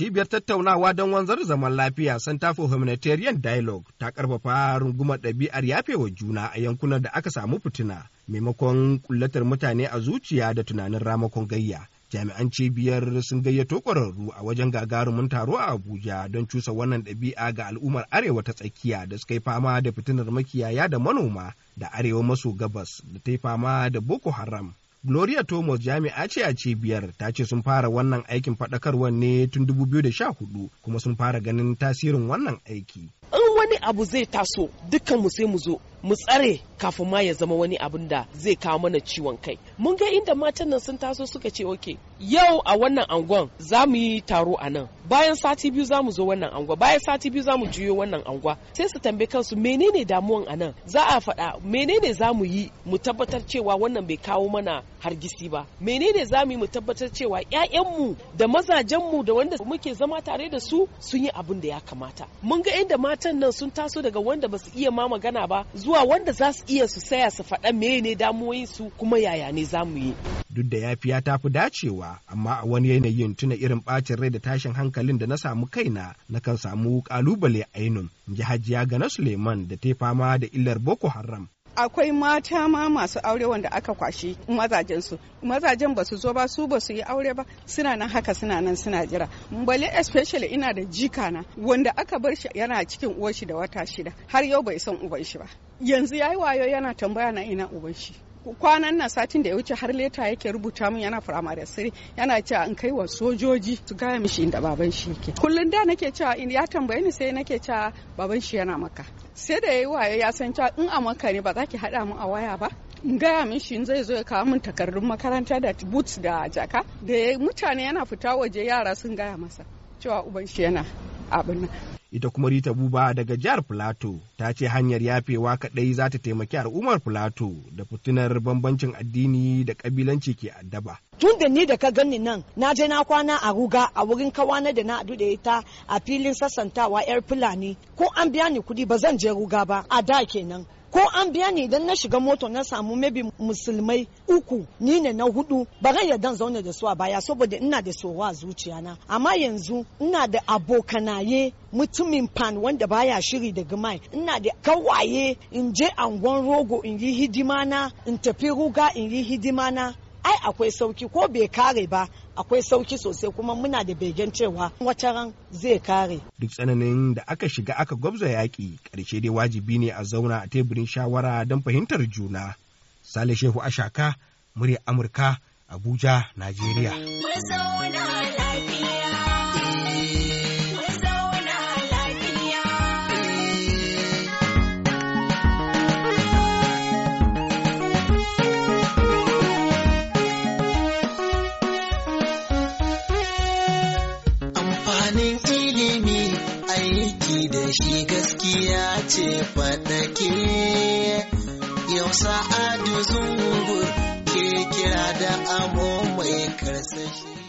cibiyar tattaunawa don wanzar zaman lafiya Center for Humanitarian Dialogue ta karfafa rungumar ɗabi'ar yafewa juna a yankunan da aka samu fitina maimakon kullatar mutane a zuciya da tunanin ramakon gayya. Jami'an cibiyar sun gayyato ƙwararru a wajen gagarumin taro a Abuja don cusa wannan ɗabi'a ga al'ummar Arewa ta tsakiya da suka yi fama da fitinar makiyaya da manoma da Arewa maso gabas da ta yi fama da Boko Haram Gloria Thomas jami'a ce a cibiyar ta ce sun fara wannan aikin faɗakarwar ne tun 2014 kuma sun fara ganin tasirin wannan aiki. In wani abu zai taso dukkan mu sai mu zo mu tsare kafin ma ya zama wani abin da zai kawo mana ciwon kai. Mun ga inda matan nan sun taso suka ce oke yau a wannan angon za mu yi taro a nan bayan sati biyu za mu zo wannan angwa bayan sati biyu za mu juyo wannan angwa sai su tambaye kansu menene damuwan a nan za a faɗa menene za mu yi mu tabbatar cewa wannan bai kawo mana hargisi ba menene za mu yi mu tabbatar cewa ƴaƴanmu da mazajenmu da wanda muke zama tare da su sun yi abin da ya kamata mun ga inda matan nan sun taso daga wanda ba su iya ma magana ba zuwa wanda za su iya su saya su faɗa menene damuwoyinsu kuma yaya ne za mu yi duk da yafiya ta fi dacewa amma a wani yanayin tuna irin bacin rai da tashin hankalin da na samu kaina na kan samu kalubale ainun ji hajiya gana suleiman da ta fama da illar boko haram akwai mata ma masu aure wanda aka kwashe mazajen su mazajen ba su zo ba su ba su yi aure ba suna nan haka suna nan suna jira bale especially ina da jika na wanda aka bar shi yana cikin uwar shi da wata shida har yau bai san uban shi ba yanzu yayi wayo yana tambaya na ina uban shi kwanan nan satin da ya wuce har leta yake rubuta mun yana firamare sirri yana cewa in kai wa sojoji su gaya mishi inda baban shi yake kullum da nake cewa in ya tambaye ni sai nake cewa baban shi yana maka sai da yayi waye ya san cewa in a maka ne ba za ki hada mu a waya ba in gaya min shi zai zo ya kawo min takardun makaranta da boots da jaka da mutane yana fita waje yara sun gaya masa cewa uban shi yana abin nan ita kuma Rita Buba daga jihar Filato ta ce hanyar yafewa kaɗai za ta taimaki al'ummar Filato da fitinar bambancin addini da kabilanci ke addaba. Tun da ni da ka gani nan na je na kwana a ruga a wurin kawana da na haɗu da ita a filin sassantawa 'yar Fulani ko an biya ni kuɗi ba zan je ruga ba a da kenan. ko an biya ni idan na shiga moto na samu maybe musulmai uku ni ne na hudu ba zan yadda zaune da su a baya saboda ina da sowa a na amma yanzu ina da abokanaye mutumin pan wanda baya shiri da gimai ina da kawaye in je angon rogo in yi hidima na in tafi ruga in yi hidima na ai akwai sauki ko bai kare ba akwai sauki sosai kuma muna da begen cewa wata ran zai kare. Duk tsananin da aka shiga aka gwabza yaƙi ƙarshe dai wajibi ne a zauna a teburin shawara don fahimtar juna. Sale Shehu Ashaka, murya Amurka, Abuja, Najeriya. domin ilimi aiki da shi gaskiya ce faɗake yau sa'adu zungur ke kira da abu mai karsashe